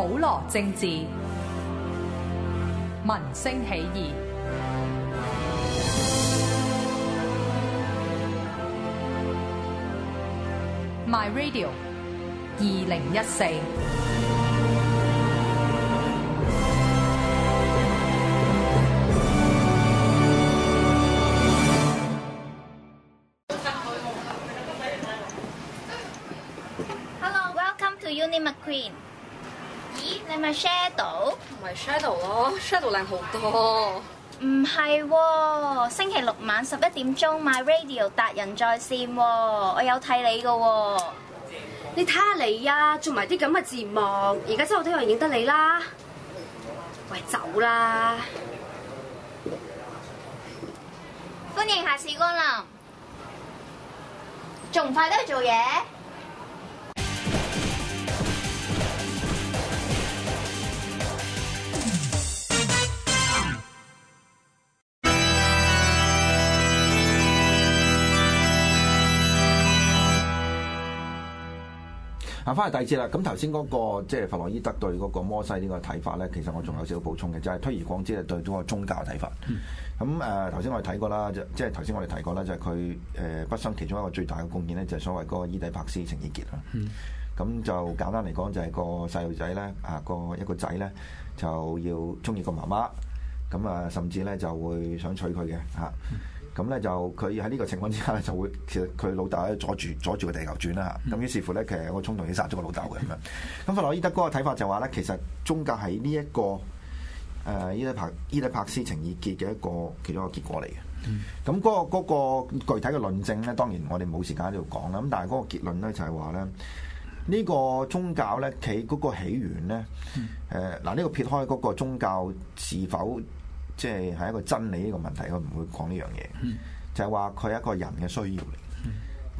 普羅政治，民星起義。My Radio，二零一四。my shadow，唔係、oh, shadow 咯，shadow 靚好多。唔係，星期六晚十一點鐘，my radio 達人在綫，我有睇你噶。你睇下你啊，做埋啲咁嘅字幕，而家真係好多人認得你啦。喂，走啦！歡迎下次光臨。仲唔快啲去做嘢？翻嚟第二節啦，咁頭先嗰個即係弗洛伊德對嗰個摩西個呢個睇法咧，其實我仲有少少補充嘅，就係、是、推而廣之係對嗰個宗教嘅睇法。咁誒頭先我哋睇過啦，即係頭先我哋提過啦，就係佢誒畢生其中一個最大嘅貢獻咧，就係、是、所謂個伊蒂帕斯情意結啦。咁、嗯、就簡單嚟講、啊，就係個細路仔咧啊，個一個仔咧就要中意個媽媽，咁啊甚至咧就會想娶佢嘅嚇。啊嗯咁咧就佢喺呢個情況之下咧就會其呢，其實佢老豆喺度阻住阻住個地球轉啦嚇。咁於是乎咧，其實個衝動要殺咗個老豆嘅咁樣。咁弗洛伊德嗰個睇法就話咧，其實宗教係呢一個誒、呃、伊德帕伊德帕斯情意結嘅一個其中一個結果嚟嘅。咁嗰、嗰個嗰個具體嘅論證咧，當然我哋冇時間喺度講啦。咁但係嗰個結論咧就係話咧，呢、呢個宗教咧佢嗰個起源咧，誒嗱呢個撇開嗰個宗教是否即係係一個真理呢個問題，佢唔會講呢樣嘢。嗯、就係話佢係一個人嘅需要嚟，嗯、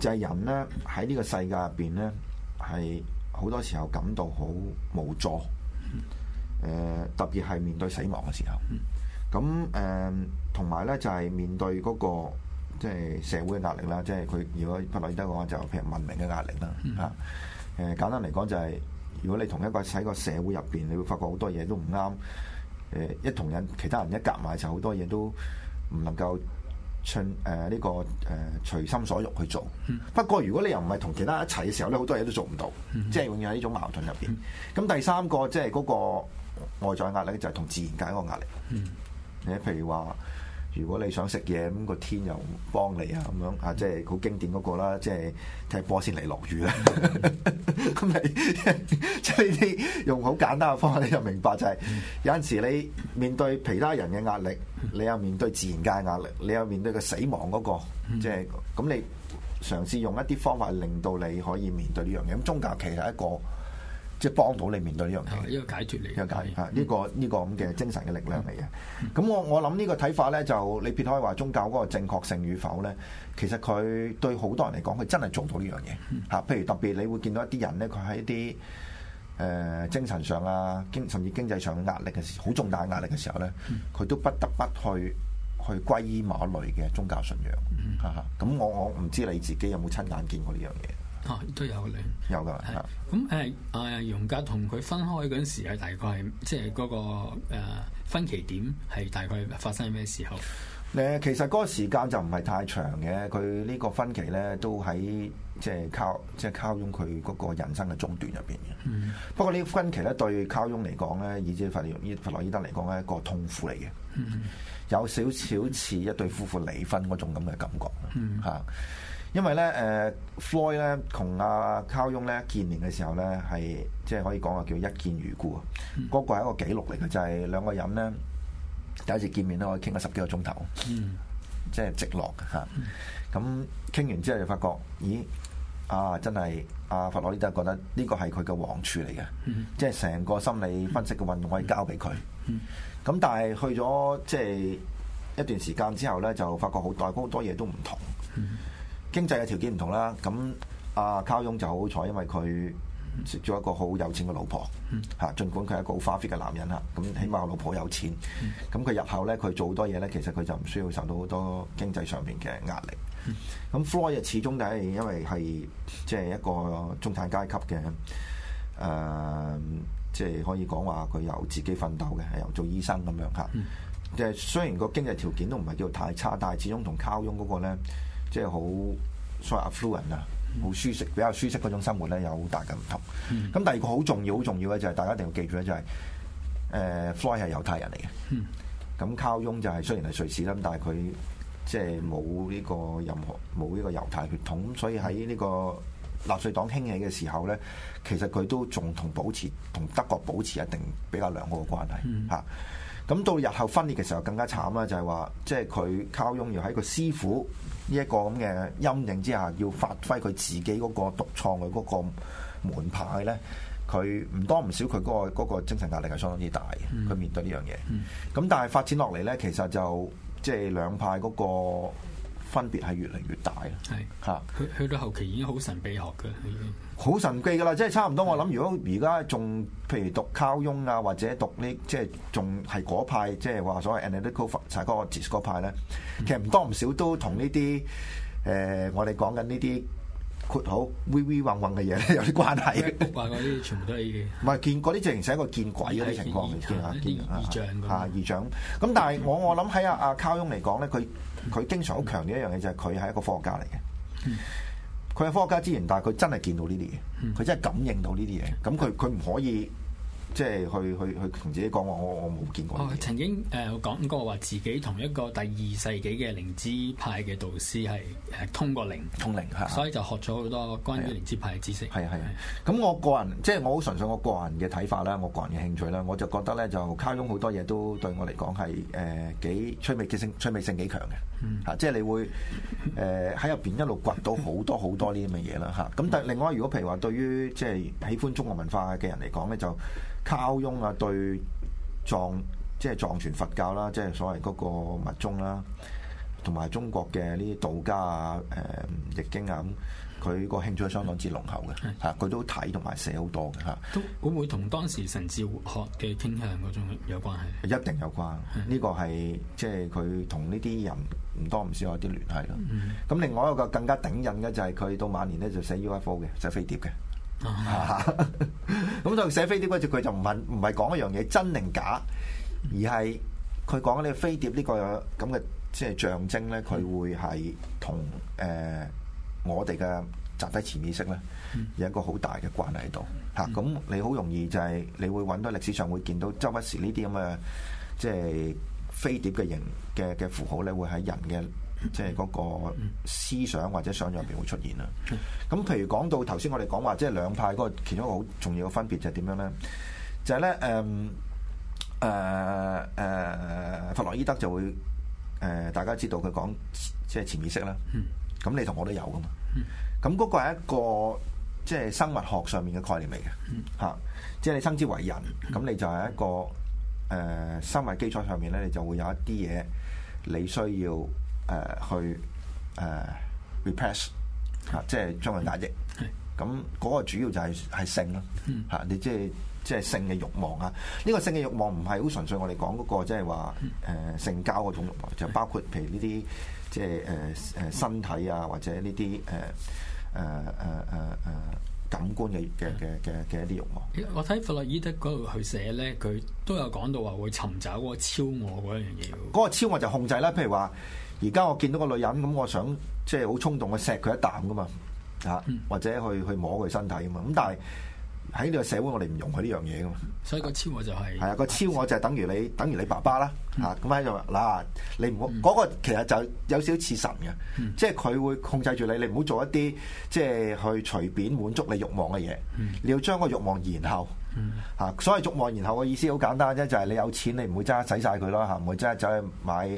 就係人呢，喺呢個世界入邊呢，係好多時候感到好無助。誒、嗯呃、特別係面對死亡嘅時候，咁誒同埋呢，就係、是、面對嗰、那個即係、就是、社會嘅壓力啦，即係佢如果弗洛伊德講就譬如文明嘅壓力啦嚇。誒、嗯啊、簡單嚟講就係、是，如果你同一個喺個社會入邊，你會發覺好多嘢都唔啱。誒一同人，其他人一夾埋就好多嘢都唔能夠隨誒呢個誒、呃、隨心所欲去做。不過如果你又唔係同其他一齊嘅時候咧，好多嘢都做唔到，即係永遠喺呢種矛盾入邊。咁第三個即係嗰個外在壓力，就係同自然界嗰個壓力。你譬如話。如果你想食嘢，咁個天又幫你啊，咁樣啊，即係好經典嗰個啦，即係踢波先嚟落雨啦。咁你即係你用好簡單嘅方法，你就明白就係有陣時你面對其他人嘅壓力，你又面對自然界嘅壓力，你又面對個死亡嗰個，即係咁你嘗試用一啲方法令到你可以面對呢樣嘢。咁宗教其實係一個。即係幫到你面對呢樣嘢，呢個解決嚟，呢、 呢個解決呢個呢個咁嘅精神嘅力量嚟嘅。咁 我我諗呢個睇法咧，就你撇開話宗教嗰個正確性與否咧，其實佢對好多人嚟講，佢真係做到呢樣嘢嚇。譬如特別你會見到一啲人咧，佢喺一啲誒、呃、精神上啊，經甚至經濟上壓力嘅時，好重大壓力嘅時候咧，佢都不得不去去歸依某類嘅宗教信仰嚇。咁 我我唔知你自己有冇親眼見過呢樣嘢。啊、都有嘅，有噶了。咁誒是，容格同佢分開嗰陣時啊，大概係即係嗰個分歧點係大概發生喺咩時候？誒，其實嗰個時間就唔係太長嘅，佢呢個分歧咧都喺即係靠即係、就是、靠傭佢嗰個人生嘅中段入邊嘅。嗯、不過呢個分歧咧對靠傭嚟講咧，以至於弗洛伊德嚟講咧，一個痛苦嚟嘅，嗯、有少少似一對夫婦離婚嗰種咁嘅感覺啦，嗯嗯因為咧，誒 Freud 咧同阿卡翁咧見面嘅時候咧，係即係可以講話叫一見如故啊！嗰、嗯、個係一個紀錄嚟嘅，就係、是、兩個人咧第一次見面咧，可以傾咗十幾個鐘頭，嗯，即係直落嘅。咁傾完之後就發覺，咦，啊，真係阿佛洛伊德都係覺得呢個係佢嘅王儲嚟嘅，即係成個心理分析嘅運動，可以交俾佢，咁、嗯嗯、但係去咗即係一段時間之後咧，就發覺好代，好多嘢都唔同。嗯嗯經濟嘅條件唔同啦，咁阿卡翁就好彩，因為佢結咗一個好有錢嘅老婆嚇，嗯、儘管佢係一個花 f 嘅男人啦，咁、嗯、起碼老婆有錢，咁佢入後咧佢做好多嘢咧，其實佢就唔需要受到好多經濟上面嘅壓力。咁、嗯、f l o y 始終就係因為係即係一個中產階級嘅誒，即、呃、係、就是、可以講話佢有自己奮鬥嘅，由做醫生咁樣嚇。即係、嗯、雖然個經濟條件都唔係叫太差，但係始終同卡翁嗰個咧。即係好所謂 affluent 啊，好舒適，比較舒適嗰種生活咧，有好大嘅唔同。咁、嗯、第二個好重要、好重要咧就係、是、大家一定要記住咧就係、是，誒、呃、Freud 係猶太人嚟嘅，咁靠翁就係、是、雖然係瑞士啦，但係佢即係冇呢個任何冇呢個猶太血統，咁所以喺呢個納粹黨興起嘅時候咧，其實佢都仲同保持同德國保持一定比較良好嘅關係嚇。嗯嗯咁到日後分裂嘅時候更加慘啦，就係、是、話，即係佢靠擁要喺個師傅呢一個咁嘅陰影之下，要發揮佢自己嗰個獨創嘅嗰個門派咧，佢唔多唔少、那個，佢、那、嗰個精神壓力係相當之大嘅。佢面對呢樣嘢，咁、mm. 但係發展落嚟咧，其實就即係、就是、兩派嗰、那個。分別係越嚟越大啦，係嚇去去到後期已經好神秘學嘅，好神秘噶啦，即係差唔多。我諗如果而家仲譬如讀考翁啊，或者讀呢即係仲係嗰派，即係話所謂 analytical psychology 嗰派咧，其實唔多唔少都同呢啲誒我哋講緊呢啲括號 v v 混混嘅嘢咧有啲關係，怪怪啲全部都係唔係見嗰啲，直情係一個見鬼嗰啲情況嚟嘅，見見啊，異象啊異象咁。咁但係我我諗喺阿阿考雍嚟講咧，佢。佢經常好強調一樣嘢，就係佢係一個科學家嚟嘅。佢係科學家之前，但係佢真係見到呢啲嘢，佢真係感應到呢啲嘢。咁佢佢唔可以。即係去去去同自己講話，我我冇見過。哦。曾經誒、呃、講過話，自己同一個第二世紀嘅靈知派嘅導師係誒通過靈通靈，所以就學咗好多關於靈知派嘅知識。係啊，咁我個人即係我好純粹我，我個人嘅睇法啦，我個人嘅興趣啦，我就覺得咧就卡窿好多嘢都對我嚟講係誒、呃、幾趣味性趣味性幾強嘅嚇、嗯啊，即係你會誒喺入邊一路掘到好多好多呢啲咁嘅嘢啦嚇。咁、啊、但係另外如果譬如話對於即係喜歡中國文化嘅人嚟講咧，就，就靠翁啊，對藏即係藏傳佛教啦，即係所謂嗰個密宗啦，同埋中國嘅呢啲道家、嗯、啊、誒易經啊咁，佢個興趣相當之濃厚嘅嚇，佢的都睇同埋寫好多嘅嚇。都會唔會同當時神智活學嘅傾向嗰種有關係？一定有關，呢的個係即係佢同呢啲人唔多唔少有啲聯繫咯。咁的另外一個更加頂癮嘅就係佢到晚年咧就寫 UFO 嘅，寫飛碟嘅。啊！咁就 寫飛碟嗰時，佢就唔係，唔係講一樣嘢真定假，而係佢講咧呢飛碟呢個咁嘅即係象徵咧，佢會係同誒我哋嘅集體潛意識咧，有一個好大嘅關係喺度嚇。咁 你好容易就係你會揾到歷史上會見到周不時呢啲咁嘅即係飛碟嘅形嘅嘅符號咧，會喺人嘅。即係嗰個思想或者想像入邊會出現啦。咁，譬如講到頭先，我哋講話，即係兩派嗰個其中一個好重要嘅分別就係點樣咧？就係咧，誒誒誒，弗洛伊德就會誒、呃，大家知道佢講即係潛意識啦。咁你同我都有噶嘛？咁嗰個係一個即係生物學上面嘅概念嚟嘅嚇，即係你生之為人，咁你就係一個誒、呃、生物基礎上面咧，你就會有一啲嘢你需要。誒、uh, 去誒、uh, repress 嚇、啊，即係將佢壓抑。咁嗰、mm. 嗯那個主要就係、是、係性啦。嚇、啊，你即係即係性嘅慾望啊！呢、這個性嘅慾望唔係好純粹，我哋講嗰個即係話誒性交嗰種慾望，就包括譬如呢啲即係誒誒身體啊，或者呢啲誒誒誒誒誒感官嘅嘅嘅嘅嘅一啲慾望。我睇弗洛伊德嗰度去寫咧，佢都有講到話會尋找嗰個超我嗰樣嘢。嗰個超我就控制啦，譬如話。而家我見到個女人咁，我想即係好衝動，去錫佢一啖噶嘛，嚇，或者去去摸佢身體啊嘛。咁但係喺呢個社會我，我哋唔容許呢樣嘢噶嘛。所以個超我就係係啊，個超我就係等於你，等於你爸爸啦嚇。咁喺度嗱，你唔好嗰個其實就有少少似神嘅，嗯、即係佢會控制住你，你唔好做一啲即係去隨便滿足你慾望嘅嘢。嗯、你要將個慾望延後嚇，嗯啊。所謂慾望延後嘅意思好簡單啫，就係、是、你有錢你唔會揸使晒佢啦嚇，唔會即係走去買。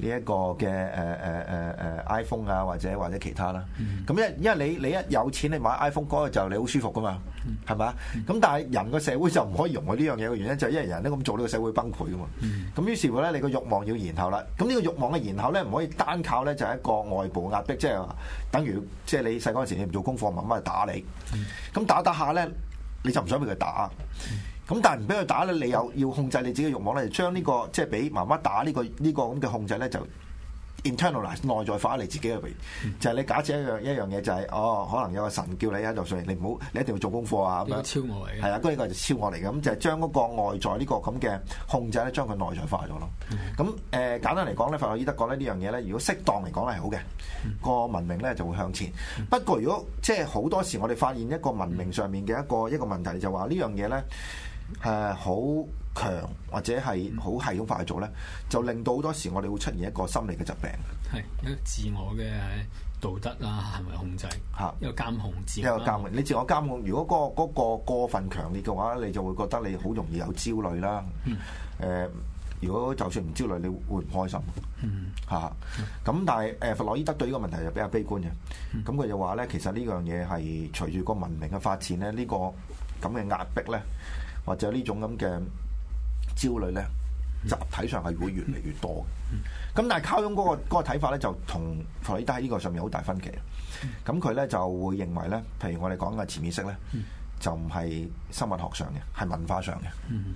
呢一個嘅誒誒誒誒 iPhone 啊，或者或者其他啦，咁一、嗯、因為你你一有錢你買 iPhone，嗰個就你好舒服噶嘛，係咪啊？咁但係人個社會就唔可以容許呢樣嘢嘅原因，就係因為人咧咁做，呢個社會崩潰噶嘛。咁、嗯、於是乎咧，你個欲望要延後啦，咁呢個欲望嘅延後咧，唔可以單靠咧就係一個外部壓迫，即係話等於即係你細個嗰陣時你唔做功課，慢慢去打你。咁打打下咧，你就唔想俾佢打。咁但係唔俾佢打咧，你又要控制你自己嘅欲望咧，就將呢個即係俾媽媽打呢個呢個咁嘅控制咧，就 internalize 內在化你自己嘅，就係你假設一樣一樣嘢就係哦，可能有個神叫你喺度睡，你唔好你一定要做功課啊咁樣超我係啊，嗰個就超我嚟嘅，咁就係將嗰個外在呢個咁嘅控制咧，將佢內在化咗咯。咁誒簡單嚟講咧，弗洛伊德講呢，呢樣嘢咧，如果適當嚟講係好嘅，個文明咧就會向前。不過如果即係好多時，我哋發現一個文明上面嘅一個一個問題，就話呢樣嘢咧。誒好、呃、強或者係好系統化去做咧，就令到好多時我哋會出現一個心理嘅疾病。係一個自我嘅道德啦、啊，行為控制嚇，一個係監控，一個監控。你自我監控，如果嗰、嗰、嗰、個嗰個過分強烈嘅話，你就會覺得你好容易有焦慮啦。嗯、呃，如果就算唔焦慮，你會唔開心？嗯，嚇咁、啊，但係誒弗洛伊德對呢個問題就比較悲觀嘅。咁佢、嗯、就話咧，其實呢樣嘢係隨住個文明嘅發展咧，呢、呢個咁嘅壓迫咧。或者呢種咁嘅焦慮呢，集體上係會越嚟越多嘅。咁但係卡翁嗰個睇、嗰個、法呢，就同弗里德喺呢個上面好大分歧。咁佢、嗯嗯嗯、呢，就會認為呢，譬如我哋講嘅潛意識呢，就唔係生物學上嘅，係文化上嘅。嗯、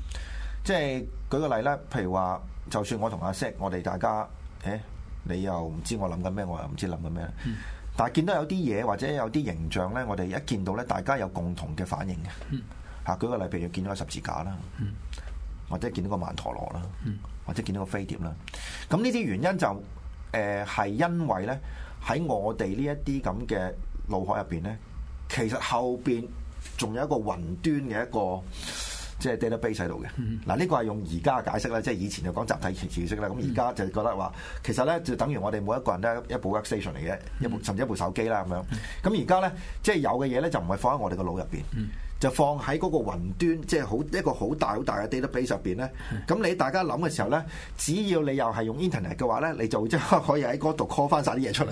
即係舉個例呢，譬如話，就算我同阿 Zeke，我哋大家，誒、欸，你又唔知我諗緊咩，我又唔知諗緊咩。嗯、但係見到有啲嘢或者有啲形象呢，我哋一見到呢，大家有共同嘅反應嘅。嚇！舉個例，譬如見到個十字架啦，嗯、或者見到個曼陀羅啦，嗯、或者見到個飛碟啦。咁呢啲原因就誒、是、係、呃、因為咧，喺我哋呢一啲咁嘅腦海入邊咧，其實後邊仲有一個雲端嘅一個即係 data base 喺度嘅。嗱、就是，呢個係用而家嘅解釋啦，即係以前就講集體潛意識啦。咁而家就覺得話，其實咧就等於我哋每一個人都一一部 work station 嚟嘅，一部、嗯、甚至一部手機啦咁樣。咁而家咧，即、就、係、是、有嘅嘢咧就唔係放喺我哋個腦入邊。嗯就放喺嗰個雲端，即係好一個好大好大嘅 database 入邊咧。咁你大家諗嘅時候咧，只要你又係用 internet 嘅話咧，你就即刻可以喺嗰度 call 翻晒啲嘢出嚟。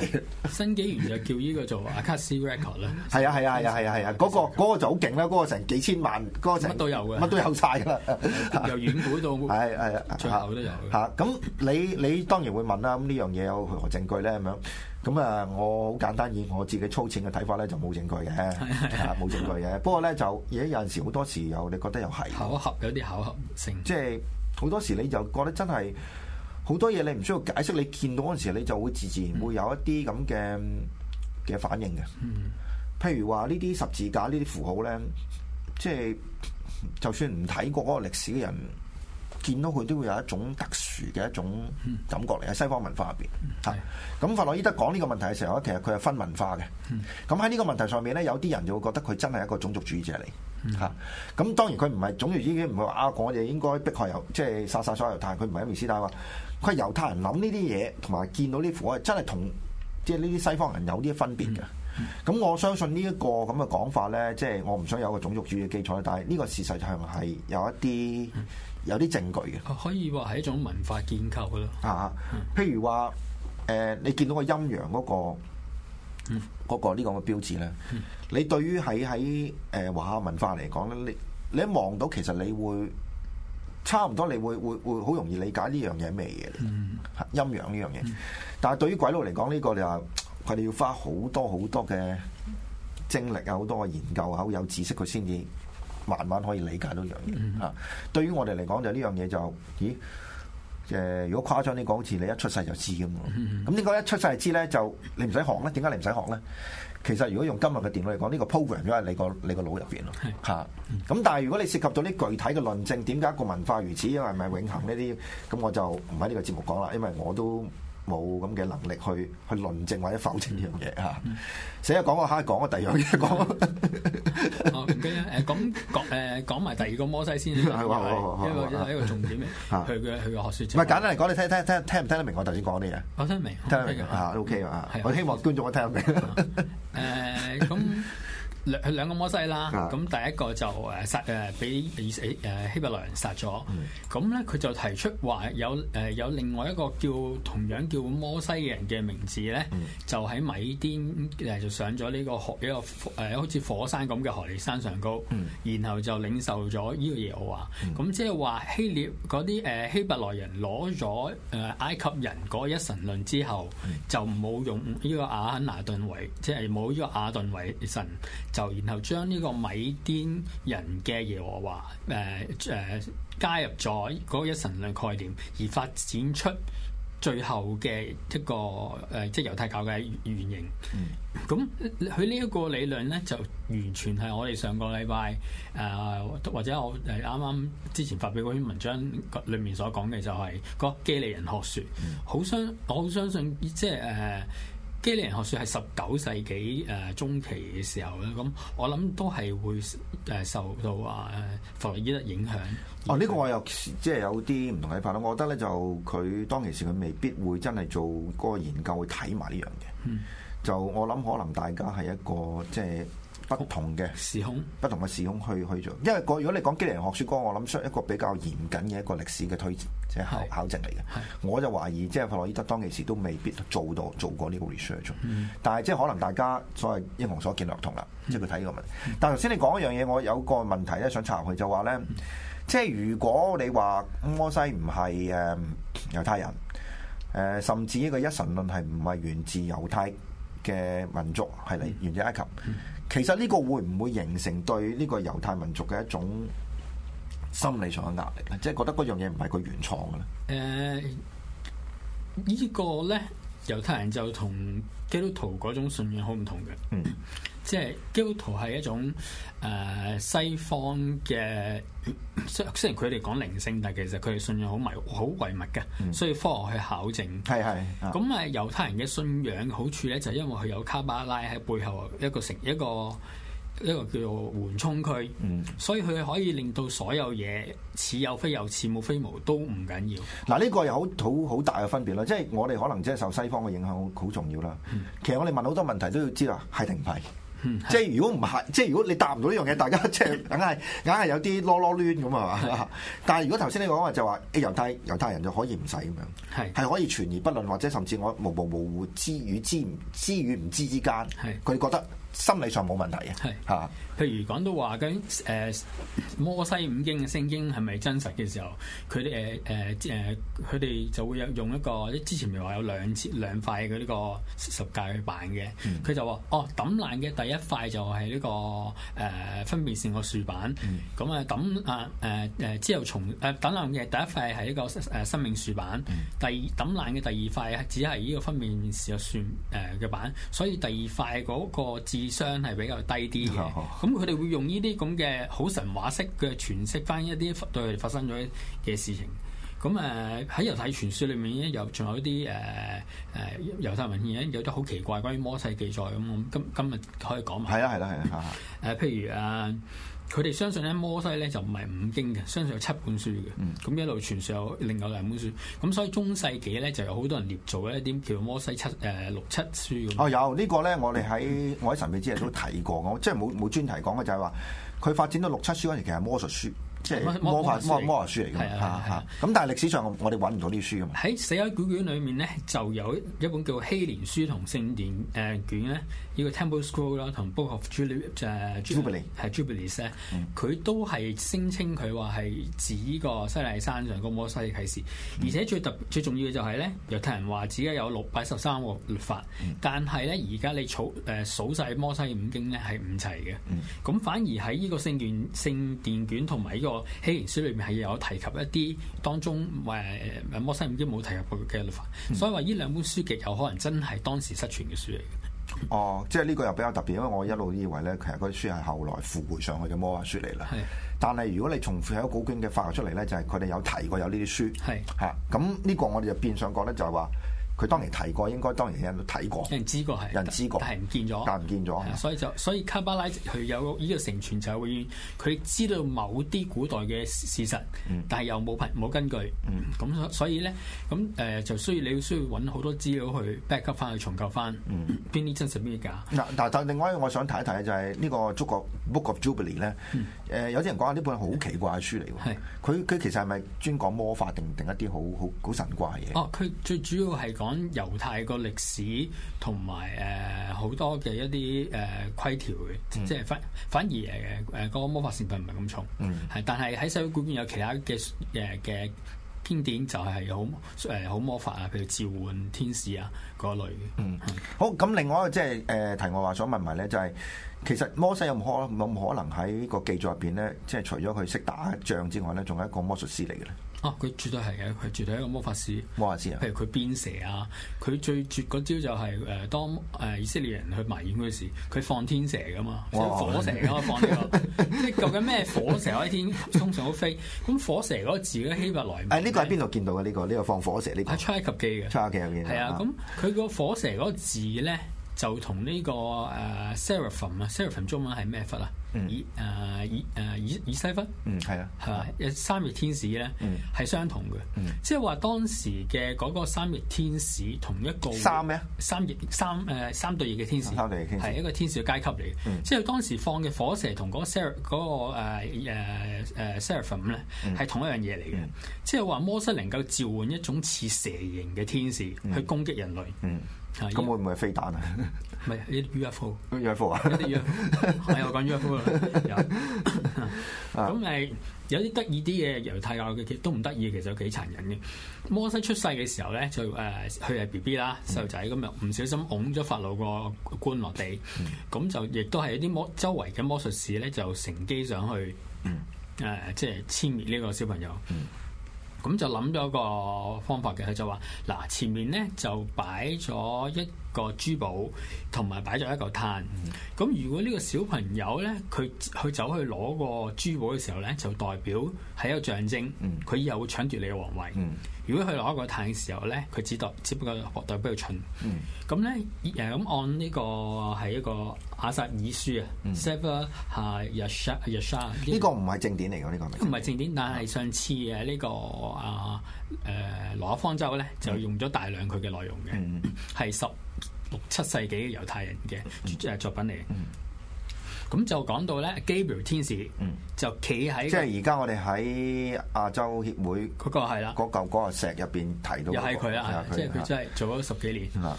新紀元就叫呢個做 Akashic Record 咧。係啊係啊係啊係啊係啊，嗰個就好勁啦，嗰個成幾千萬，嗰個乜都有嘅，乜都有晒。㗎啦，由遠古到係係最後都有。嚇，咁你你當然會問啦，咁呢樣嘢有何證據咧，咁。咪咁啊、嗯，我好簡單以我自己粗淺嘅睇法咧，就冇證據嘅，冇 證據嘅。不過咧，就嘢有陣時好多時候你覺得又係巧合，有啲巧合性。即係好多時你就覺得真係好多嘢你唔需要解釋，你見到嗰陣時你就會自自然會有一啲咁嘅嘅反應嘅。嗯、譬如話呢啲十字架呢啲符號咧，即係就算唔睇過嗰個歷史嘅人。見到佢都會有一種特殊嘅一種感覺嚟，喺西方文化入邊嚇。咁弗洛伊德講呢個問題嘅時候，其實佢係分文化嘅。咁喺呢個問題上面咧，有啲人就會覺得佢真係一個種族主義者嚟嚇。咁、嗯嗯啊、當然佢唔係種族主義者，唔係話呀我哋應該逼害猶，即係殺殺所有猶太，佢唔係一名師大話佢係猶太人諗呢啲嘢，同埋見到呢副，我真係同即係呢啲西方人有啲分別嘅。咁、嗯嗯嗯、我相信呢一個咁嘅講法咧，即、就、係、是、我唔想有個種族主義嘅基礎，但係呢個事實上係有一啲。有啲證據嘅、啊，可以話係一種文化建構嘅咯。啊，譬如話，誒、呃，你見到個陰陽嗰、那個，呢嗰個呢個標誌咧，嗯、你對於喺喺誒華夏文化嚟講咧，你你一望到，其實你會差唔多，你會會會好容易理解呢樣嘢係咩嘢嚟？嗯、陰陽呢樣嘢，嗯、但係對於鬼佬嚟講呢個、就是，你話佢哋要花好多好多嘅精力啊，好多嘅研究啊，好有知識佢先至。慢慢可以理解到樣嘢嚇。Mm hmm. 對於我哋嚟講就呢樣嘢就，咦？誒，如果誇張啲講，好似你一出世就知咁。咁點解一出世就知咧？就你唔使學咧？點解你唔使學咧？其實如果用今日嘅電腦嚟講，呢個 program 咗喺你個你個腦入邊咯。嚇、mm！咁、hmm. 但係如果你涉及到啲具體嘅論證，點解個文化如此，因為係咪永恆呢啲？咁我就唔喺呢個節目講啦，因為我都。冇咁嘅能力去去論證或者否證呢樣嘢嚇，成日講個蝦講個第二樣嘢講。咁樣誒講講誒講埋第二個摩西先呢話，因為呢一個重點嚟。佢嘅佢嘅學説。唔係簡單嚟講，你聽聽聽聽唔聽得明我頭先講啲嘢？我聽得明。聽得明啊，OK 啊，我希望觀眾我聽得明。誒咁。兩兩個摩西啦，咁 Yeah. 第一個就誒殺誒俾以希伯來人殺咗，咁咧佢就提出話有誒有另外一個叫同樣叫摩西嘅人嘅名字咧，mm. 就喺米甸誒上咗呢、這個一個誒好似火山咁嘅荷里山上高，mm. 然後就領受咗呢個耶和華，咁即係話希臘啲誒希伯來人攞咗誒埃及人嗰一神論之後，mm. 就冇用呢個阿肯拿頓為，即係冇呢個亞頓為神。就然後將呢個米甸人嘅耶和華誒誒、呃呃、加入咗嗰個一神論概念，而發展出最後嘅一個誒、呃、即係猶太教嘅原型。咁佢呢一個理論咧，就完全係我哋上個禮拜誒或者我誒啱啱之前發表嗰篇文章裏面所講嘅，就係個基利人學説。好、嗯、相，我好相信即係誒。呃基尼人學説係十九世紀誒中期嘅時候咧，咁我諗都係會誒受到啊弗洛伊德影響。哦，呢是個我又即係有啲唔同睇法咯。我覺得咧就佢當其時佢未必會真係做嗰個研究去睇埋呢樣嘢。嗯，就我諗可能大家係一個即係。不同嘅時空，不同嘅時空去去做，因為個如果你講基利人學書歌，我諗出一個比較嚴謹嘅一個歷史嘅推即係、就是、考是考證嚟嘅。是我就懷疑，即係弗洛伊德當其時都未必做到做過呢個 research，、嗯、但係即係可能大家所謂英雄所見略同啦，嗯、即係佢睇呢個問題。嗯、但係頭先你講一樣嘢，我有個問題咧想插入去，就話咧，即係如果你話摩西唔係誒猶太人，誒、呃呃、甚至呢個一神論係唔係源自猶太嘅民族，係嚟源自埃及？嗯嗯。其實呢個會唔會形成對呢個猶太民族嘅一種心理上嘅壓力？即係覺得嗰樣嘢唔係佢原創嘅咧？誒、呃，呢個、呢個咧猶太人就同基督徒嗰種信仰好唔同嘅。嗯。即係基督徒係一種誒、呃、西方嘅， 雖雖然佢哋講靈性，但係其實佢哋信仰好迷好唯物嘅，嗯、所以科學去考證係係。咁啊、嗯嗯、猶太人嘅信仰好處咧，就係、是、因為佢有卡巴拉喺背後一個成一個一個，一個叫做緩衝區，嗯、所以佢可以令到所有嘢似有非有似冇非無都唔緊要。嗱呢、嗯這個又好好好大嘅分別啦！即係我哋可能即係受西方嘅影響好重要啦。嗯、其實我哋問好多問題都要知啦，係停牌。嗯、即係如果唔係，嗯、即係如果你答唔到呢樣嘢，嗯、大家即係梗係梗係有啲囉囉攣咁啊嘛，是但係如果頭先你講話就話，欸、猶太猶太人就可以唔使咁樣，係係是可以存而不論，或者甚至我模模糊糊知與知唔知與唔知之間，係佢是覺得。心理上冇問題嘅，係嚇是，譬、啊、如講到話嗰啲誒摩西五經嘅聖經係咪真實嘅時候，佢哋誒誒誒佢哋就會有用一個即係之前咪話，有兩次兩塊嗰啲個十誡板嘅，佢就話哦抌爛嘅第一塊就係呢個誒分辨率個樹板，咁、嗯、啊抌啊誒誒之後從誒抌爛嘅第一塊係呢個誒生命樹板，第抌爛嘅第二塊係只係呢個分辨率嘅樹誒嘅板，所以第二塊嗰個字。智商係比較低啲嘅，咁佢哋會用呢啲咁嘅好神話式嘅詮釋翻一啲對佢哋發生咗嘅事情。咁誒喺猶太傳說裏面咧，又、呃、仲、呃、有啲誒誒猶太文獻有啲好奇怪關於摩西記載，咁。我今今日可以講埋。啦係啦係啦。誒， 譬如啊。佢哋相信咧，摩西咧就唔係五經嘅，相信有七本書嘅。咁、嗯、一路傳說有另外兩本書，咁所以中世紀咧就有好多人捏造一啲叫做摩西七誒、呃、六七書哦，有呢、這個咧，我哋喺我喺神秘之日都提過嘅，即係冇冇專題講嘅就係話，佢發展到六七書嗰陣時，其實係魔術書。即係魔摩魔摩羅書嚟㗎嘛，咁但係歷史上我哋揾唔到啲書㗎嘛。喺死海古卷裏面咧，就有一本叫希連書同聖殿誒卷咧，呢、這個 Temple Scroll 啦，同 Book of Jubilee 係 j u b i l e、啊、e 佢、嗯、都係聲稱佢話係指依個西奈山上個摩西啟示。嗯、而且最特最重要嘅就係咧，猶太人話只有六百十三個律法，嗯、但係咧而家你數誒數曬摩西五經咧係唔齊嘅，咁、嗯嗯、反而喺呢個聖卷、聖殿卷同埋依個。個希賢書裏面係有提及一啲當中誒、呃、摩西五經冇提及嘅嘅，所以話呢兩本書極有可能真係當時失傳嘅書嚟嘅、嗯。嗯、哦，即係呢個又比較特別，因為我一路都以為咧，其實嗰啲書係後來附會上去嘅魔法書嚟啦。係是。但係如果你重複喺古卷嘅發掘出嚟咧，就係佢哋有提過有呢啲書係嚇。咁呢是、嗯、這個我哋就變相覺得就係話。佢當年提過，應該當年有人都睇過？有人知過係，有人知過，但係唔見咗，但係唔見咗。所以就所以卡巴拉佢有呢個承傳，就係佢知道某啲古代嘅事實，但係又冇冇根據。咁所以咧，咁誒就需要你需要揾好多資料去 back up 翻去重構翻，邊啲真實邊啲假？嗱嗱，但係另外一樣我想提一提就係呢個《中國 Book of Jubilee》咧。誒有啲人講話呢本好奇怪嘅書嚟，係佢佢其實係咪專講魔法定定一啲好好好神怪嘅嘢？哦，佢最主要係講。講猶太個歷史同埋誒好多嘅一啲誒規條嘅，嗯、即係反反而誒誒嗰個魔法成分唔係咁重，係、嗯、但係喺《死海古卷》有其他嘅誒嘅經典就係好誒好魔法啊，譬如召喚天使啊嗰一類嘅。嗯，好，咁另外即係誒題外話想問埋咧、就是，就係其實摩西有，有可有冇可能喺呢個記載入邊咧，即、就、係、是、除咗佢識打仗之外咧，仲係一個魔術師嚟嘅咧？哦，佢絕對係嘅，佢絕對係一個魔法師。魔法師啊！譬如佢變蛇啊，佢最絕嗰招就係誒當誒以色列人去埋怨嗰陣時，佢放天蛇㗎嘛，火蛇啊放咗。即係究竟咩火蛇喺天通常都飛？咁火蛇嗰個字咧希伯來誒呢個喺邊度見到嘅呢個？呢個放火蛇呢個喺《出埃及記》嘅《出埃及記》。係啊，咁佢個火蛇嗰個字咧就同呢個誒 Seraphim 啊，Seraphim 中文係咩忽啊？以誒、呃、以誒以以西分，嗯係啊，係啊，吧三翼天使咧係、嗯、相同嘅，嗯、即係話當時嘅嗰個三翼天使同一個三咩？三翼三誒三對翼嘅天使，三對翼天使係一個天使嘅階級嚟嘅，嗯、即係當時放嘅火蛇同嗰個 ser 嗰個誒誒誒 seraphim 咧係同一樣嘢嚟嘅，即係話魔術能夠召喚一種似蛇形嘅天使去攻擊人類。人類 咁會唔會係飛彈啊？唔係啲 UFO，UFO 啊！啲 UFO，係我講 UFO 啊！咁誒，有啲得意啲嘢，猶太教嘅都唔得意，其實幾殘忍嘅。摩西出世嘅時候咧，就、呃、誒，佢係 B B 啦，細路仔咁啊，唔小心拱咗法老個棺落地，咁、mm. 就亦都係一啲魔，周圍嘅魔術師咧就乘機上去，誒、呃，即係殲滅呢個小朋友。Mm. 咁就諗咗個方法嘅，佢就話、是：嗱，前面咧就擺咗一個珠寶，同埋擺咗一個攤。咁、嗯、如果呢個小朋友咧，佢佢走去攞個珠寶嘅時候咧，就代表係一個象徵，佢又會搶奪你嘅皇位。嗯嗯如果佢攞一個碳嘅時候咧，佢只讀只不過學到比較蠢。咁咧、嗯，誒咁按呢、這個係一個亞撒耳書啊，Sever 係 Yashar Yashar 呢個唔係正典嚟嘅，呢、這個唔係正，正典，但係上次嘅、這個呃呃、呢個啊誒挪亞方舟咧，就用咗大量佢嘅內容嘅，係、嗯、十六七世紀嘅猶太人嘅誒、嗯、作品嚟。嗯嗯。咁就講到咧，Gabriel 天使就企喺、嗰個、即係而家我哋喺亞洲協會嗰、嗰個係啦，嗰嚿嗰個石入邊提到、嗰個，又係佢啦，即係佢真係做咗十幾年，啊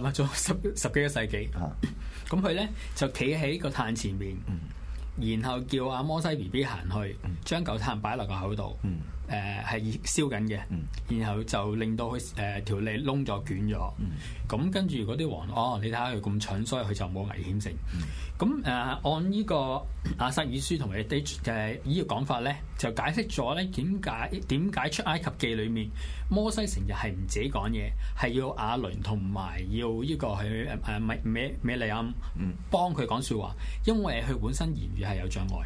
唔、啊、做十十幾個世紀，咁佢咧就企喺個炭前面，嗯、然後叫阿摩西 B B 行去，將嚿炭擺落個口度。嗯誒係、呃、燒緊嘅，然後就令到佢誒、呃、條脷窿咗捲咗，咁跟住嗰啲黃哦，你睇下佢咁蠢，所以佢就冇危險性。咁誒、嗯嗯嗯、按呢個阿瑟爾書同埋啲誒呢個講法咧，就解釋咗咧點解點解出埃及記裏面摩西成日係唔自己講嘢，係要亞倫同埋要呢、這個去誒咪米米利暗幫佢講說話，因為佢本身言語係有障礙，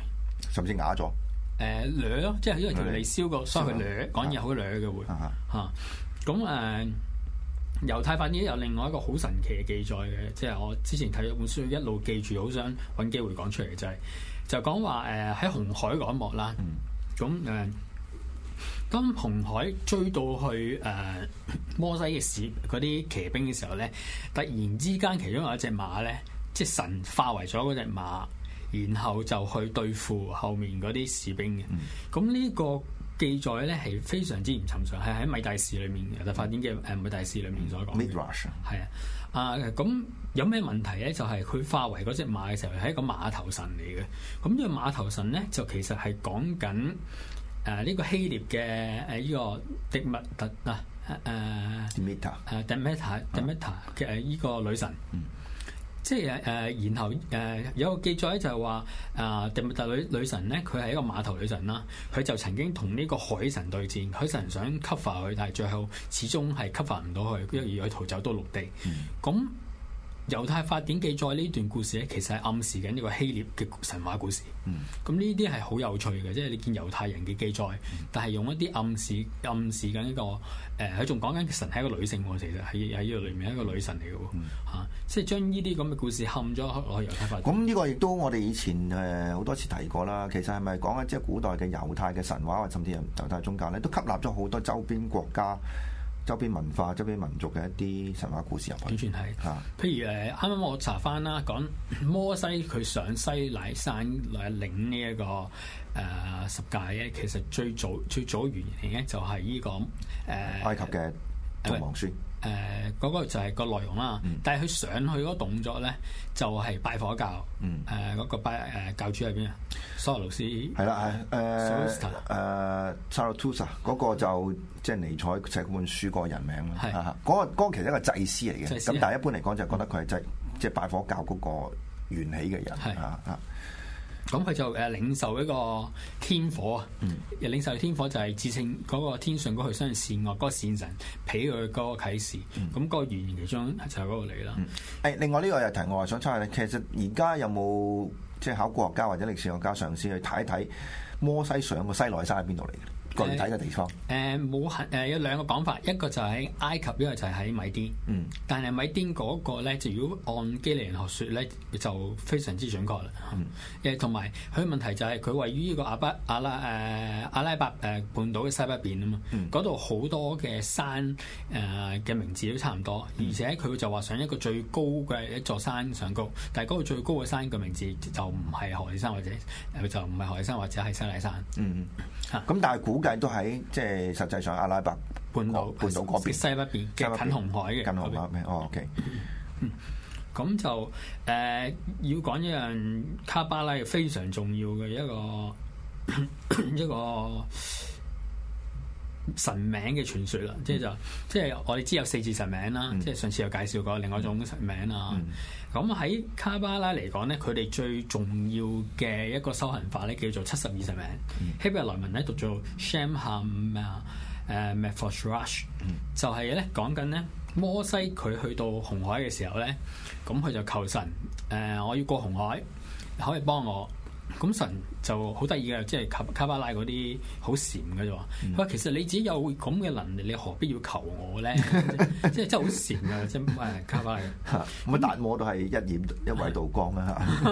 甚至啞咗。誒掠咯，即係因為條脷燒過，所以佢掠講嘢好掠嘅會嚇。咁誒、啊啊 uh, 猶太法典有另外一個好神奇嘅記載嘅，即係我之前睇咗本書一路記住，好想揾機會講出嚟就係、是、就講話誒喺紅海嗰一幕啦。咁誒、嗯，嗯、當紅海追到去誒、uh, 摩西嘅時，嗰啲騎兵嘅時候咧，突然之間其中有一隻馬咧，即係神化為咗嗰隻馬。然後就去對付後面嗰啲士兵嘅，咁呢、嗯、個記載咧係非常之唔尋常，係喺米大市裏面，有得發展嘅誒，米大市裏面所講。Mitras 係啊，啊咁有咩問題咧？就係佢化為嗰隻馬嘅時候係一個馬頭神嚟嘅，咁呢個馬頭神咧就其實係講緊誒呢個希臘嘅誒呢個狄蜜特啊誒 Dimita 誒 Dimita Dimita 嘅誒呢個女神。嗯即係誒、呃，然後誒、呃、有個記載咧，就係話啊，狄蜜特女女神咧，佢係一個馬頭女神啦，佢就曾經同呢個海神對戰，海神想 cover 佢，但係最後始終係 cover 唔到佢，因為佢逃走到陸地。咁、嗯猶太法典記載呢段故事咧，其實係暗示緊呢個希臘嘅神話故事。嗯，咁呢啲係好有趣嘅，即、就、係、是、你見猶太人嘅記載，嗯、但係用一啲暗示，暗示緊一個誒，佢仲講緊神係一個女性喎。其實喺喺呢度裡面係一個女神嚟嘅喎，即係將呢啲咁嘅故事冚咗落去猶太法典。咁呢、嗯、個亦都我哋以前誒好多次提過啦。其實係咪講緊即係古代嘅猶太嘅神話或甚至係猶太宗教咧，都吸納咗好多周邊國家。周邊文化、周邊民族嘅一啲神話故事入邊，完全係。啊、譬如誒，啱啱我查翻啦，講摩西佢上西乃山嚟領呢、這、一個誒、呃、十戒咧，其實最早最早原型咧就係呢、這個誒、呃、埃及嘅、呃《童、呃、謠誒嗰個就係個內容啦，嗯、但係佢上去嗰動作咧就係、是、拜火教，誒嗰、嗯呃那個拜誒教主係邊啊？塞老斯係啦，係誒誒塞路圖薩嗰個就即係、就是、尼采寫本書嗰個人名啦，嗰的、那個嗰、那個、其實係祭司嚟嘅，咁司、啊、但係一般嚟講就覺得佢係祭、嗯、即係拜火教嗰個源起嘅人啊啊！咁佢就誒領受一個天火啊！嗯、領受天火就係至聖嗰個天神嗰個相善惡嗰個善神俾佢嗰個啟示，咁嗰、嗯、個原型其中就係嗰個嚟啦。誒、嗯，另外呢個又題外係想猜下咧，其實而家有冇即係考古學家或者歷史學家嘗試去睇一睇摩西上個西奈山喺邊度嚟嘅？個唔抵嘅地方，誒冇誒有兩個講法，一個就喺埃及，一個就喺米甸。嗯，但係米甸嗰個咧，就如果按基尼人學説咧，就非常之準確啦。嗯，同埋佢問題就係佢位於呢個阿不阿拉誒、啊、阿拉伯誒、呃、半島嘅西北邊啊嘛。嗰度好多嘅山誒嘅名字都差唔多，嗯、而且佢就話上一個最高嘅一座山上高，但係嗰個最高嘅山嘅名字就唔係海山或者就唔係海山或者係西奈山。嗯，嚇咁、嗯嗯、但係古。咁都喺即係實際上阿拉伯半島半島，嗰邊西北邊近紅海嘅。近龍邊哦，OK。咁、嗯、就誒、呃、要講一樣卡巴拉非常重要嘅一個一個，一個神名嘅傳說啦，就是說嗯、即係就即係我哋知有四字神名啦，嗯、即係上次有介紹過另外一種神名啊。嗯嗯咁喺卡巴拉嚟講咧，佢哋最重要嘅一個修行法咧，叫做七十二神名、嗯、希伯來文咧讀做 Shemham 啊？誒 Mephorash 就係咧講緊咧摩西佢去到紅海嘅時候咧，咁佢就求神誒、呃，我要過紅海，可以幫我。咁神、嗯、就好得意嘅，即係卡卡巴拉嗰啲好僥嘅啫喎。佢話、嗯，其實你自己有咁嘅能力，你何必要求我咧？ 即係真係好僥嘅，即係唔卡巴拉嘅。咁啊，但我都係一掩一位道光啦嚇。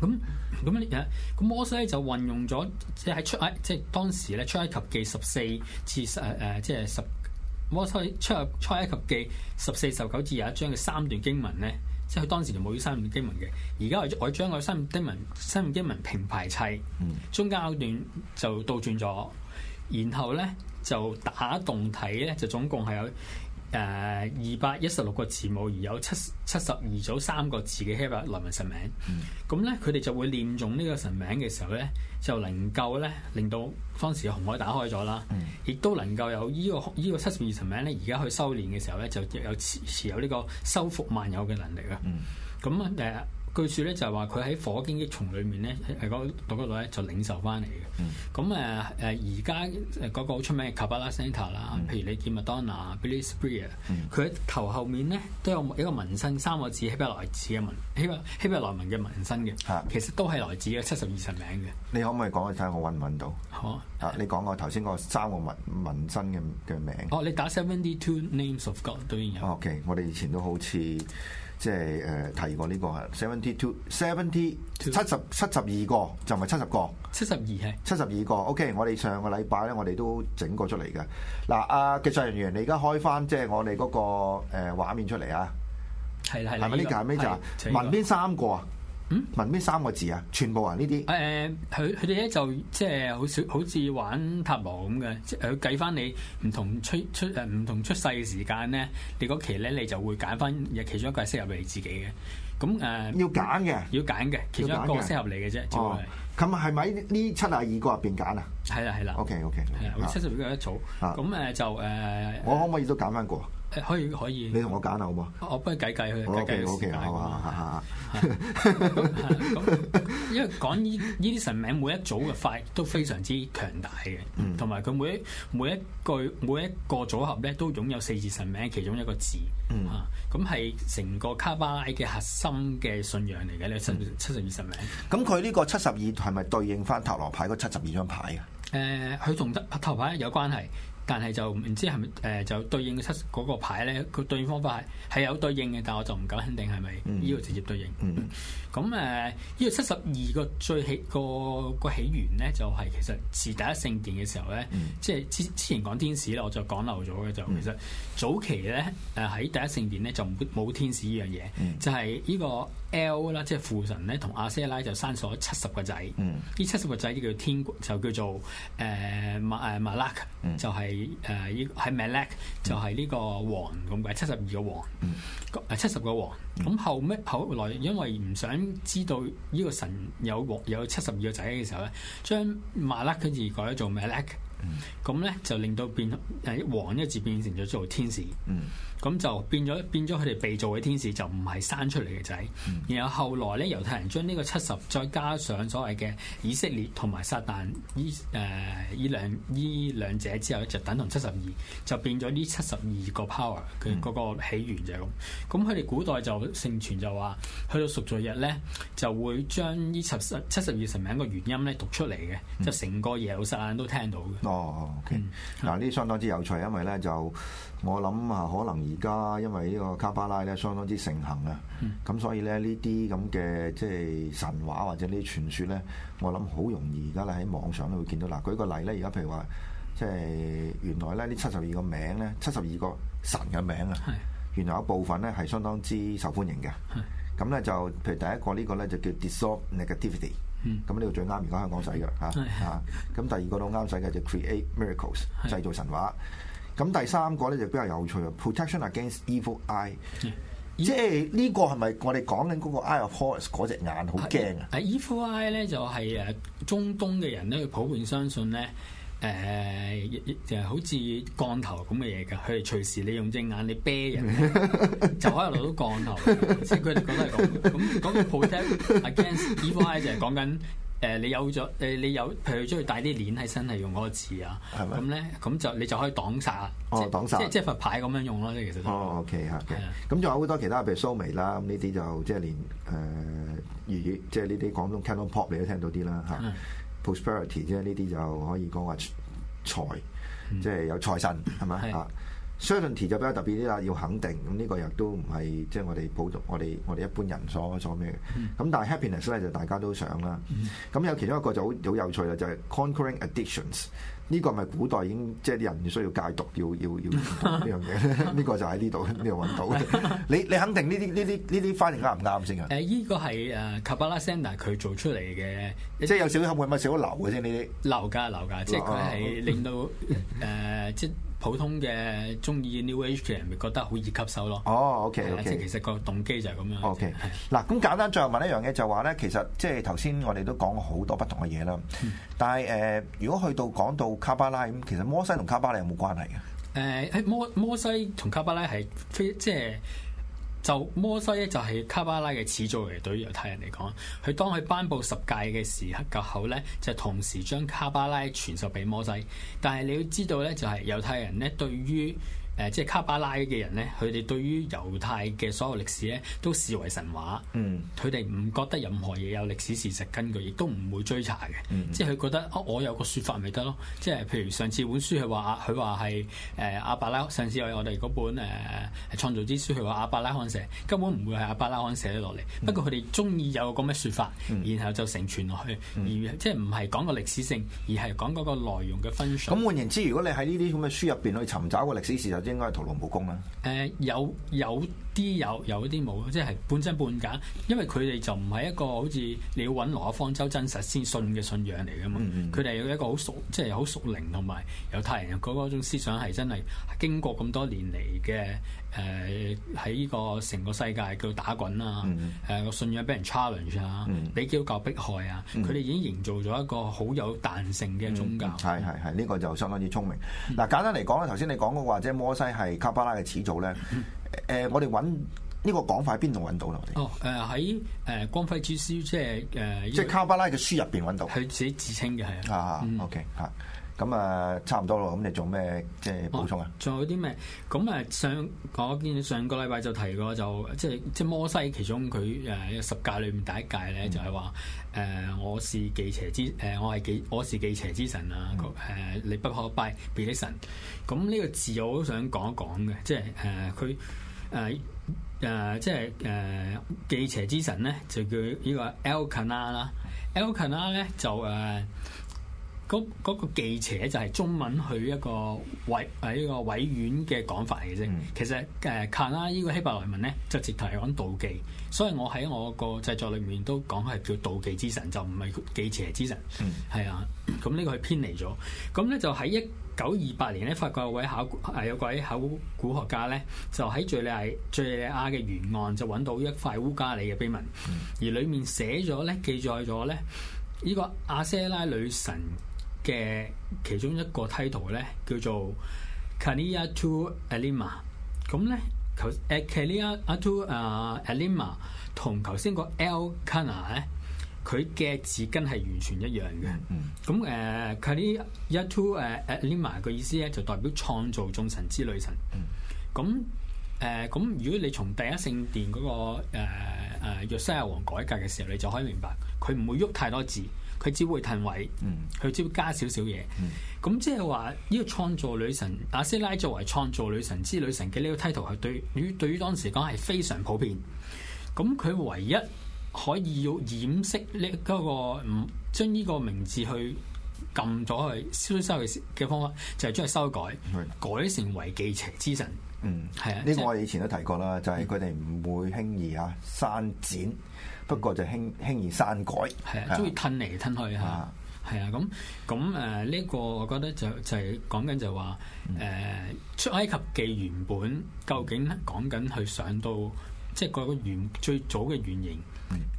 咁咁咁摩西就運用咗即係喺出即係當時咧出埃及記14 14,、呃即係、十四至誒誒，即係十摩西出出埃及記十四十九至廿一章嘅三段經文咧。呢即係佢當時就冇呢三面經文嘅，而家我我將個三面經文三面經文平排砌，中間嗰段就倒轉咗，然後咧就打洞睇咧，就總共係有誒二百一十六個字母，而有七七十二組三個字嘅希伯來文神名，咁咧佢哋就會念中呢個神名嘅時候咧。就能夠咧，令到當時嘅紅海打開咗啦，亦、嗯、都能夠有依、這個依、這個七十二層名咧，而家去修煉嘅時候咧，就有持持有呢個修復萬有嘅能力啊！咁誒、嗯。呃據說咧就係話佢喺火荊棘叢裏面咧，喺嗰度嗰咧就領受翻嚟嘅。咁誒誒而家誒嗰個好出名嘅卡巴拉 Center 啦，譬如你見麥當娜、Britney Spears，佢、嗯、頭後面咧都有一個紋身，三個字希伯來字嘅紋希希伯來文嘅紋身嘅。嚇，其實都係來自嘅七十二神名嘅。你可唔可以講下睇下我揾唔揾到？好、哦，啊你講個頭先個三個紋紋身嘅嘅名。哦，你打 seventy two names of God 對應下。OK，我哋以前都好似。即係誒提過呢個係 seventy two seventy 七十七十二個就唔係七十個七十二係七十二個 OK 我哋上個禮拜咧我哋都整過出嚟㗎嗱阿技術人員你而家開翻即係我哋嗰個誒畫面出嚟啊係啦係咪呢個係咩就問、係、邊、呢個、三個啊？嗯，問邊三個字啊？全部啊？呢、呃、啲？誒，佢佢哋咧就即係好少，好似玩塔羅咁嘅，即係佢計翻你唔同，同出出誒唔同出世嘅時間咧，你嗰期咧你就會揀翻其中一個係適合你自己嘅。咁、嗯、誒，要揀嘅，要揀嘅，其中一個適合你嘅啫。哦，咁係咪喺呢七啊二個入邊揀啊？係啦，係啦。OK，OK okay, okay,。係七十二個一組。啊、uh, 就，咁誒就誒，uh, 我可唔可以都揀翻個？可以可以，可以你同我揀好唔好的？我不如計計佢，我 OK 好，k 的好，好啊，嚇嚇嚇。咁咁，因為講呢呢啲神名，每一組嘅塊都非常之強大嘅，同埋佢每一每一句每一個組合咧，都擁有四字神名其中一個字，嗯，咁係成個卡巴拉嘅核心嘅信仰嚟嘅咧，七七十二神名。咁佢呢個七十二係咪對應翻塔羅牌嗰七十二張牌啊？誒、嗯，佢同得塔羅牌有關係。但係就唔知係咪誒就對應七個牌咧？佢對應方法係係有對應嘅，但係我就唔敢肯定係咪呢個直接對應。咁誒呢個七十二個最起個個起源咧，就係、是、其實自第一聖殿嘅時候咧，嗯、即係之之前講天使啦，我就講漏咗嘅就其實早期咧誒喺第一聖殿咧就冇天使呢樣嘢，嗯、就係呢、呢個。L 啦，即係父神咧，同亞西拉就生咗七十個仔。呢、嗯、七十個仔叫做天國，就叫做誒、呃、馬誒 m、嗯、就係誒依係 Malak，就係、是、呢個王咁解，七十二個王，嗯、七十個王。咁後尾後來因為唔想知道呢個神有王有七十二個仔嘅時候咧，將 Malak 跟住改咗做 Malak。咁咧就令到變係黃一字變成咗做天使，咁、嗯、就變咗變咗佢哋被造嘅天使就唔係生出嚟嘅仔。嗯、然後後來咧，猶太人將呢個七十再加上所謂嘅以色列同埋撒旦，呢誒依兩依兩者之後咧，就等同七十二，就變咗呢七十二個 power 嘅嗰、嗯、個起源就係咁。咁佢哋古代就盛傳就話，去到贖罪日咧，就會將呢七十七十二神名嘅原因咧讀出嚟嘅，嗯、就成個耶路撒冷都聽到嘅。哦、oh，OK，嗱呢啲相當之有趣，因為咧就我諗啊，可能而家因為呢個卡巴拉咧相當之盛行啊，咁、嗯、所以咧呢啲咁嘅即係神話或者呢啲傳說咧，我諗好容易而家咧喺網上咧會見到。嗱，舉個例咧，而家譬如話即係原來咧呢七十二個名咧，七十二個神嘅名啊，嗯、原來有部分咧係相當之受歡迎嘅。咁咧、嗯、就譬如第一個呢個咧就叫 dissolve negativity。咁呢個最啱而家香港使嘅啦，嚇嚇。咁第二個都啱使嘅就 create miracles 的製造神話。咁、啊、第三個咧就比較有趣啊，protection against evil eye，即係呢個係咪我哋講緊嗰個 eye of Horus 嗰隻眼好驚啊？誒，evil eye 咧就係誒中東嘅人咧，佢普遍相信咧。誒，就係好似降頭咁嘅嘢㗎，佢哋隨時你用隻眼你啤人， 就可以攞到降頭。即係佢哋講都係咁。咁嗰個 protect against evil 就係講緊誒，你有咗誒，你有譬如中意戴啲鏈喺身，係用嗰個字啊，咁咧，咁就你就可以擋殺啊。 即哦，擋殺。即即係佛牌咁樣用咯，即其實。Knight, 是是哦，OK 嚇，咁仲有好多其他，譬如蘇眉啦，咁呢啲就即係連誒粵語，即係呢啲廣東 Cantopop 你都聽到啲啦嚇。呃就是 Prosperity 即係呢啲就可以講話財，嗯、即係有財神係咪啊是？Certainty 就比較特別啲啦，要肯定，咁呢個亦都唔係即係我哋普通我哋我哋一般人所所咩嘅，咁、嗯、但係 happiness 咧就大家都想啦。咁、嗯、有其中一個就好好有趣啦，就係、是、conquering addictions。呢個係咪古代已經即係啲人需要戒毒，要要要呢樣嘢。呢 個就喺呢度，呢度搵到。你你肯定呢啲呢啲呢啲翻譯啱唔啱先啊？誒、呃，依、這個係誒卡巴拉佢做出嚟嘅、呃。即係有少少冚混少少流嘅啫，呢啲。流噶流噶，即係佢係令到誒即。普通嘅中意 New Age 嘅人咪覺得好易吸收咯。哦、oh，OK OK，其實個動機就係咁樣。OK，嗱咁是簡單，最後問一樣嘢就話咧，其實即係頭先我哋都講過好多不同嘅嘢啦。嗯、但係誒，如果去到講到卡巴拉咁，其實摩西同卡巴拉有冇關係嘅？誒、欸，喺摩摩西同卡巴拉係非即係。就是就摩西咧就係卡巴拉嘅始祖嚟，對於猶太人嚟講，佢當佢頒布十戒嘅時刻夾口咧，就同時將卡巴拉傳授俾摩西。但係你要知道咧，就係猶太人咧對於。誒，即係卡巴拉嘅人咧，佢哋對於猶太嘅所有歷史咧，都視為神話。嗯，佢哋唔覺得任何嘢有歷史事實根據，亦都唔會追查嘅。即係佢覺得我有個說法咪得咯。即係譬如上次本書佢話佢話係誒阿伯拉，上次有我哋嗰本誒創造之書，佢話阿伯拉罕寫根本唔會係阿伯拉罕寫落嚟。不過佢哋中意有個咁嘅説法，然後就成傳落去，而即係唔係講個歷史性，而係講嗰個內容嘅分屬。咁換言之，如果你喺呢啲咁嘅書入邊去尋找個歷史事實。應該係徒勞無功啊！誒，有有啲有有啲冇，即係半真半假。因為佢哋就唔係一個好似你要揾羅亞方舟真實先信嘅信仰嚟嘅嘛。佢哋有一個好熟，即係好熟靈同埋猶太人嗰種思想係真係經過咁多年嚟嘅誒，喺呢個成個世界叫打滾啦。誒，個信仰俾人 challenge 啊，俾基督教迫害啊。佢哋已經營造咗一個好有彈性嘅宗教。係係係，呢個就相當之聰明。嗱，簡單嚟講啦，頭先你講嗰個即西係卡巴拉嘅始祖咧，誒、嗯呃，我哋揾呢個講法喺邊度揾到咧？我哋哦，誒、呃，喺誒光輝之書，就是呃、即係誒，即係卡巴拉嘅書入邊揾到。佢自己自稱嘅係啊、嗯、，OK 吓。咁啊，差唔多咯。咁你做咩？即係補充啊？仲有啲咩？咁啊，上我見上個禮拜就提過就，就是、即係即係摩西其中佢誒、呃、十戒裏面第一戒咧，嗯、就係話誒我是忌邪之誒、呃，我係忌，我是忌，我，是忌我是忌邪之神啊！誒、嗯呃，你不可拜別的神。咁呢個字我都想講一講嘅，即係誒佢誒誒，即係誒忌邪之神咧，就叫個、ah, ah、呢個 Elkanah 啦。Elkanah 咧就誒。就就就就就就就嗰嗰個忌邪就係中文佢一,一個委喺一個委婉嘅講法嚟嘅啫。嗯、其實誒、呃，卡納呢個希伯來文咧，就直頭係講妒忌，所以我喺我個製作裏面都講係叫妒忌之神，就唔係忌邪之神。係、嗯、啊，咁呢個佢偏離咗。咁咧就喺一九二八年咧，法國有位考，誒有位考古學家咧，就喺敍利亞敍利亞嘅沿岸就揾到一塊烏加里嘅碑文，嗯、而裡面寫咗咧，記載咗咧，呢、這個阿些拉女神。嘅其中一個 title 咧叫做 Kaliya to Alima，咁咧頭誒 Kaliya 阿 to 誒 Alima 同頭先個 Elkana 咧，佢嘅字根係完全一樣嘅。咁誒 Kaliya to 誒 Alima 個意思咧就代表創造眾神之女神。咁誒咁如果你從第一聖殿嗰、那個誒誒約西亞王改革嘅時候，你就可以明白佢唔會喐太多字。佢只會褪位，佢、嗯、只會加少少嘢。咁即係話呢個創造女神阿斯拉作為創造女神之女神嘅呢個 title，係對於對於，對於當時講係非常普遍。咁佢唯一可以要掩飾呢、這、嗰個，將呢個名字去撳咗去消失嘅嘅方法，就係、是、將佢修改，嗯、改成為忌邪之神。嗯，係啊，呢個我以前都提過啦，就係佢哋唔會輕易啊刪剪。不過就輕輕易刪改，係啊，中意褪嚟褪去嚇，係啊，咁咁誒呢個，我覺得就就係講緊就話誒《出埃及記》原本究竟講緊去上到即係、就是、個原最早嘅原型，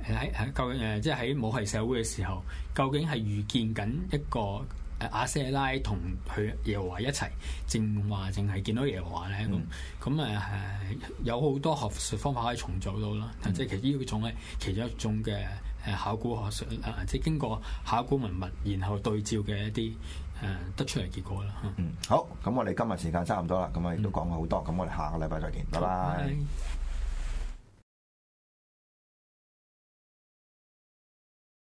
喺喺究竟誒即係喺母系社會嘅時候，究竟係、呃、遇見緊一個？阿舍拉同佢耶和華一齊，淨話淨係見到耶和華咧，咁，咁誒係有好多學術方法可以重組到啦，嗯、即係其實呢一種咧其中一種嘅誒考古學術，啊、即係經過考古文物然後對照嘅一啲誒、啊、得出嚟結果啦。嗯，好，咁我哋今日時間差唔多啦，咁啊亦都講好多，咁、嗯、我哋下個禮拜再見，拜拜。拜拜。